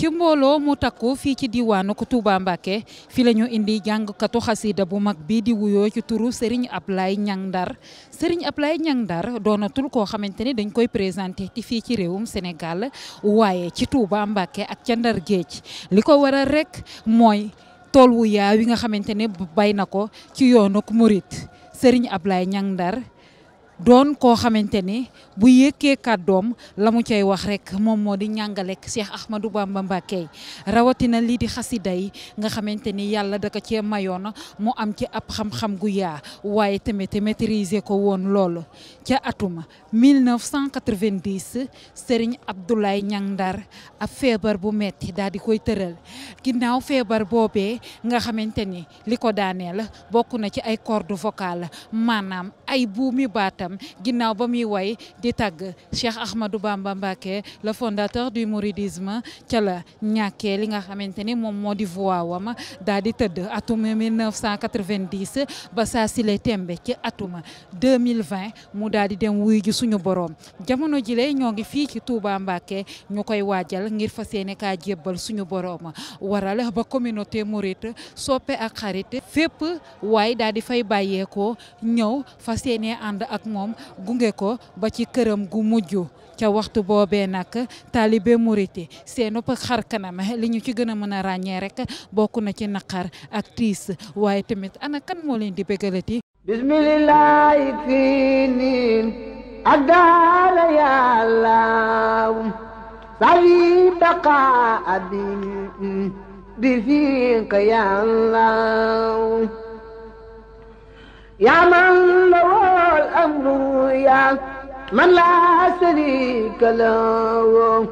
ci mbooloo mu takku fii ci diwaanu ko Touba Mbacké fi la ñu indi jàngkatu xasida bu mag bii di wuyoo ci turu Serigne Ablaye Niang Ndar Serigne Ablaye Niang Ndar doonatul koo xamante ne dañ koy présenté ti fii ci réewum Sénégal waaye ci Touba Mbacké ak ca Ndar géej li ko waral rek mooy tool wu yaa wi nga xamante ne bay na ko ci yoonu murit Serigne Ablaye Niang Ndar doon koo xamante ne bu yëkkee kàddoom la mu cay wax rek moom moo di ñàngalek Cheikh Ahmadou Bamba Mbacké rawatina lii di xasida yi nga xamante ni yàlla da ko cee mayoon mu am ci ab xam-xam gu yaa waaye tamit maîtriser ko woon loolu ca atum 1990 Serigne Abdoulaye Niang Ndar ab feebar bu metti daal di koy tëral ginnaaw feebar boobee nga xamante ni li ko daaneel bokk na ci ay corde vocal maanaam ay buumi baatam Thiam ginnaaw ba muy way di tagg Cheikh Ahmadou Bamba Mbacké le fondateur du mouridisme ca la ñàkkee li nga xamante ni moom moo di voix wam daal di tëdd atum 1990 ba saa sile tembe ci atum 2020 mu daal di dem wuy ji suñu borom jamono jile ñoo ngi fii ci Touba Mbacké ñu koy waajal ngir fas yéene ka jébbal suñu borom waral ba communauté mouride soppe ak xarit fépp waaye daal fay bàyyeekoo ñëw fas yéene ànd ak moom moom gunge ko ba ci këram gu mujj ca waxtu boobe nag taalibe muriti seenub xar kanam li ñu ci gën a mën a ràññee rek bokk na ci naqar ak waaye tamit ana kan moo leen di bégalati bismillahi fii niin ak daala yàllaw safi baqa abi bi fiika yàllaw أبويا من لا شريك له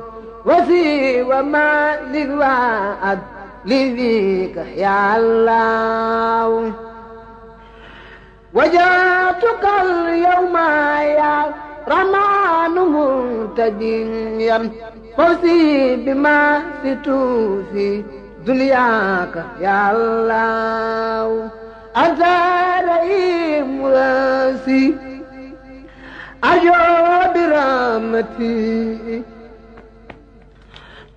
وفي وما للوعد لذيك يا الله وجاتك اليوم يا رمان منتديا فوزي بما ستوفي دنياك يا الله أنت رئيم راسي أجوا برامتي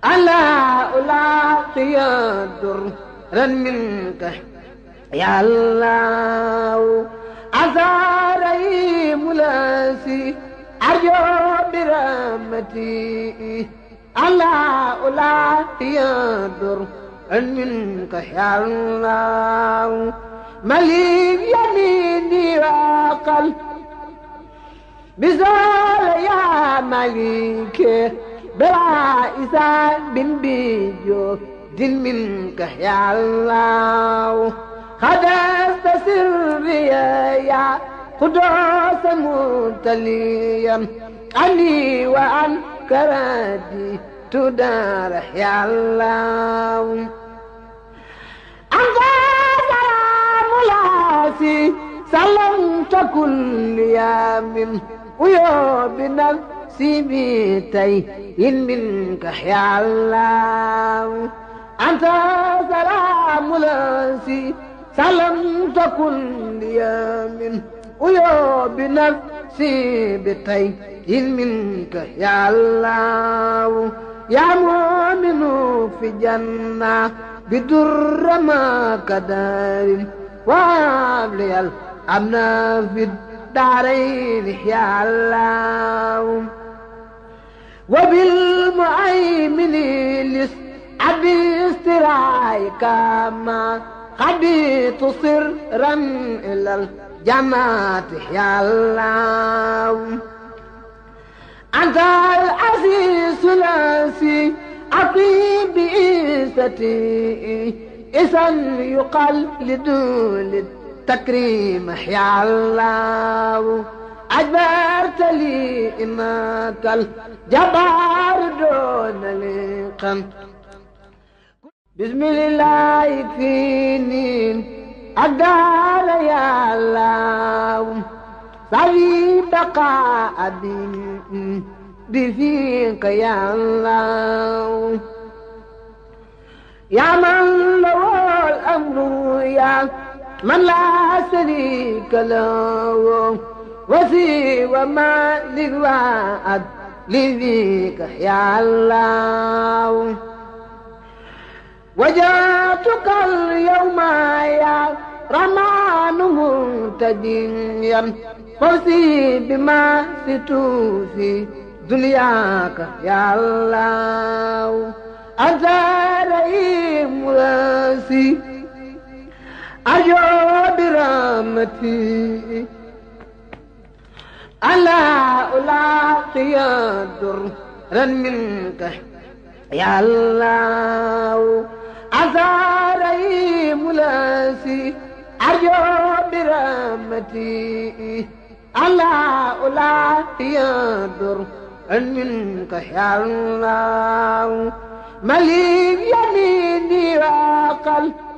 ألا ألاقي درا منك يا الله أزاري ملاسي أجوا برامتي ألا ألاقي درا منك يا الله مليك يميني وقلبي بزول يا مليك بلا إسان بن بيجو دل منك يا الله خدست سري يا قدوس متليا عني وعن كرادي تدار يا الله أنت سلام لاسي سلمت كل يوم ويا بنفسي بيتي إن منك يا الله أنت سلام لاسي سلام تكن لي من ويا بنفسي بيتي إن منك يا الله يا مؤمن في جنة بدر ما كدار وابلي الأمن في الدنيا الدارين يا الله وبالمؤمن لس أبي استرايك ما خبيت سرا إلى الجماعة يا الله أنت العزيز الأسي أقيم بإيستي إذا يقال لدولد تكريم يا الله أجبرت لي إماك الجبار دون لقم بسم الله يكفيني أقدر يا الله صلي بقاء بفيك يا الله يا من له الأمر يا من لا شريك له وفي وما للوعد لذيك يا الله وجاتك اليوم يا رمان منتجيا فوزي بما ستوفي دنياك يا الله أنت رئيم راسي أجوا برامتي ألا ألاقي درا منك يا الله أزاري ملاسي أجوا برامتي ألا ألاقي درا منك يا الله مليك يميني وقلبي